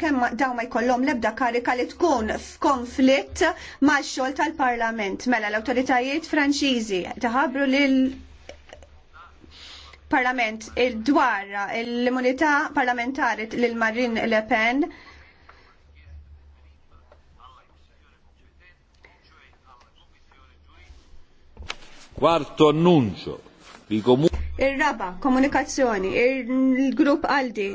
kemm daw ma jkollhom l-ebda karika li tkun f'konflitt ma' xogħol tal-Parlament. Mela l-awtoritajiet Franċiżi taħabru lil Parlament il-dwar l-immunità parlamentari lil Marin Le Pen Quarto annuncio. Il-raba, komunikazzjoni, il-grupp Aldi,